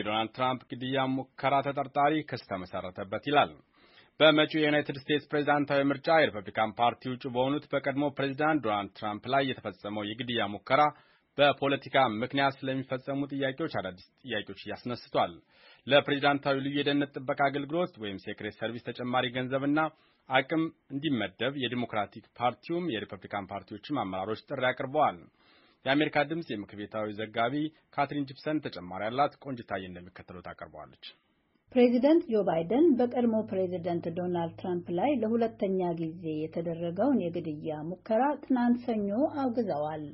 የዶናልድ ትራምፕ ግድያ ሙከራ ተጠርጣሪ ክስ ተመሰረተበት ይላል። በመጪው የዩናይትድ ስቴትስ ፕሬዚዳንታዊ ምርጫ የሪፐብሊካን ፓርቲ ውጭ በሆኑት በቀድሞ ፕሬዚዳንት ዶናልድ ትራምፕ ላይ የተፈጸመው የግድያ ሙከራ በፖለቲካ ምክንያት ስለሚፈጸሙ ጥያቄዎች አዳዲስ ጥያቄዎች እያስነስቷል። ለፕሬዚዳንታዊ ልዩ የደህንነት ጥበቃ አገልግሎት ወይም ሴክሬት ሰርቪስ ተጨማሪ ገንዘብና አቅም እንዲመደብ የዲሞክራቲክ ፓርቲውም የሪፐብሊካን ፓርቲዎችም አመራሮች ጥሪ አቅርበዋል። የአሜሪካ ድምፅ የምክር ቤታዊ ዘጋቢ ካትሪን ጂፕሰን ተጨማሪ ያላት ቆንጅታዬ እንደሚከተለው ታቀርበዋለች። ፕሬዚደንት ጆ ባይደን በቀድሞ ፕሬዚደንት ዶናልድ ትራምፕ ላይ ለሁለተኛ ጊዜ የተደረገውን የግድያ ሙከራ ትናንት ሰኞ አውግዘዋል።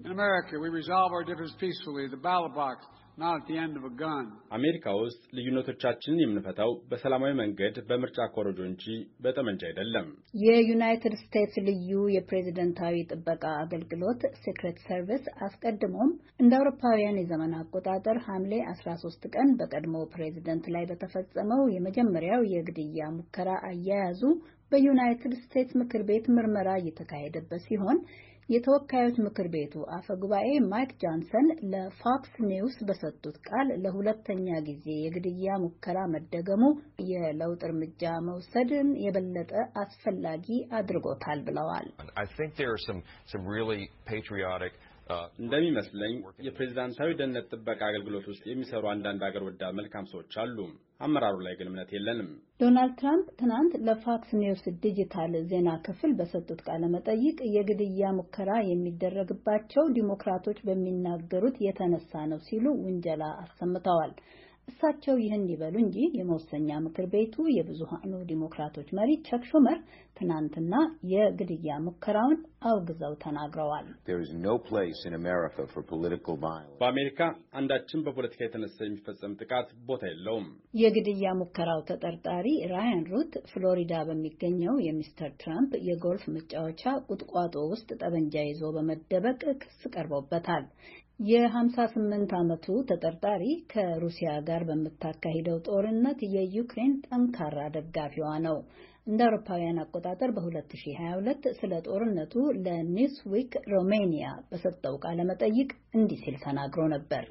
አሜሪካ ውስጥ ልዩነቶቻችንን የምንፈታው በሰላማዊ መንገድ በምርጫ ኮረጆ እንጂ በጠመንጃ አይደለም። የዩናይትድ ስቴትስ ልዩ የፕሬዝደንታዊ ጥበቃ አገልግሎት ሴክሬት ሰርቪስ አስቀድሞም እንደ አውሮፓውያን የዘመን አቆጣጠር ሐምሌ 13 ቀን በቀድሞ ፕሬዝደንት ላይ በተፈጸመው የመጀመሪያው የግድያ ሙከራ አያያዙ በዩናይትድ ስቴትስ ምክር ቤት ምርመራ እየተካሄደበት ሲሆን የተወካዮች ምክር ቤቱ አፈ ጉባኤ ማይክ ጆንሰን ለፎክስ ኒውስ በሰጡት ቃል ለሁለተኛ ጊዜ የግድያ ሙከራ መደገሙ የለውጥ እርምጃ መውሰድን የበለጠ አስፈላጊ አድርጎታል ብለዋል። እንደሚመስለኝ የፕሬዝዳንታዊ ደህንነት ጥበቃ አገልግሎት ውስጥ የሚሰሩ አንዳንድ አገር ወዳ መልካም ሰዎች አሉ። አመራሩ ላይ ግን እምነት የለንም። ዶናልድ ትራምፕ ትናንት ለፋክስ ኒውስ ዲጂታል ዜና ክፍል በሰጡት ቃለ መጠይቅ የግድያ ሙከራ የሚደረግባቸው ዲሞክራቶች በሚናገሩት የተነሳ ነው ሲሉ ውንጀላ አሰምተዋል። እሳቸው ይህን ይበሉ እንጂ የመወሰኛ ምክር ቤቱ የብዙሃኑ ዲሞክራቶች መሪ ቸክ ሹመር ትናንትና የግድያ ሙከራውን አውግዘው ተናግረዋል። በአሜሪካ አንዳችን በፖለቲካ የተነሳ የሚፈጸም ጥቃት ቦታ የለውም። የግድያ ሙከራው ተጠርጣሪ ራያን ሩት ፍሎሪዳ በሚገኘው የሚስተር ትራምፕ የጎልፍ መጫወቻ ቁጥቋጦ ውስጥ ጠበንጃ ይዞ በመደበቅ ክስ ቀርቦበታል። የ58 ዓመቱ ተጠርጣሪ ከሩሲያ ጋር በምታካሂደው ጦርነት የዩክሬን ጠንካራ ደጋፊዋ ነው። እንደ አውሮፓውያን አቆጣጠር በ2022 ስለ ጦርነቱ ለኒውስዊክ ሮሜኒያ በሰጠው ቃለ መጠይቅ እንዲህ ሲል ተናግሮ ነበር።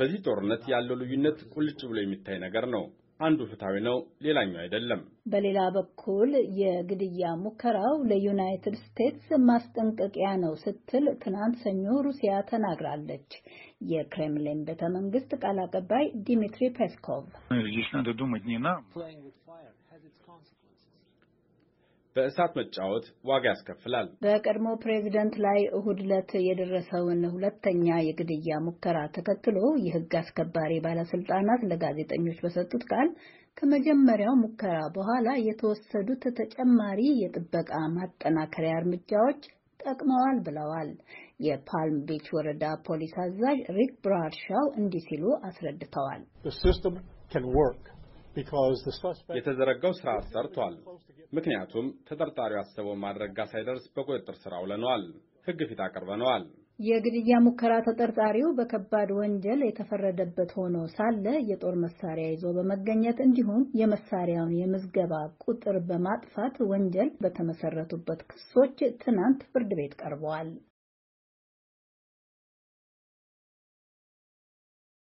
በዚህ ጦርነት ያለው ልዩነት ቁልጭ ብሎ የሚታይ ነገር ነው። አንዱ ፍትሐዊ ነው፣ ሌላኛው አይደለም። በሌላ በኩል የግድያ ሙከራው ለዩናይትድ ስቴትስ ማስጠንቀቂያ ነው ስትል ትናንት ሰኞ ሩሲያ ተናግራለች። የክሬምሊን ቤተ መንግስት ቃል አቀባይ ዲሚትሪ ፔስኮቭ በእሳት መጫወት ዋጋ ያስከፍላል። በቀድሞ ፕሬዚደንት ላይ እሁድ ዕለት የደረሰውን ሁለተኛ የግድያ ሙከራ ተከትሎ የሕግ አስከባሪ ባለስልጣናት ለጋዜጠኞች በሰጡት ቃል ከመጀመሪያው ሙከራ በኋላ የተወሰዱት ተጨማሪ የጥበቃ ማጠናከሪያ እርምጃዎች ጠቅመዋል ብለዋል። የፓልም ቤች ወረዳ ፖሊስ አዛዥ ሪክ ብራድሻው እንዲህ ሲሉ አስረድተዋል። የተዘረጋው ስራ ሰርቷል። ምክንያቱም ተጠርጣሪው አስበው ማድረግ ጋር ሳይደርስ በቁጥጥር ስር አውለነዋል። ሕግ ፊት አቅርበነዋል። የግድያ ሙከራ ተጠርጣሪው በከባድ ወንጀል የተፈረደበት ሆኖ ሳለ የጦር መሳሪያ ይዞ በመገኘት እንዲሁም የመሳሪያውን የምዝገባ ቁጥር በማጥፋት ወንጀል በተመሰረቱበት ክሶች ትናንት ፍርድ ቤት ቀርበዋል።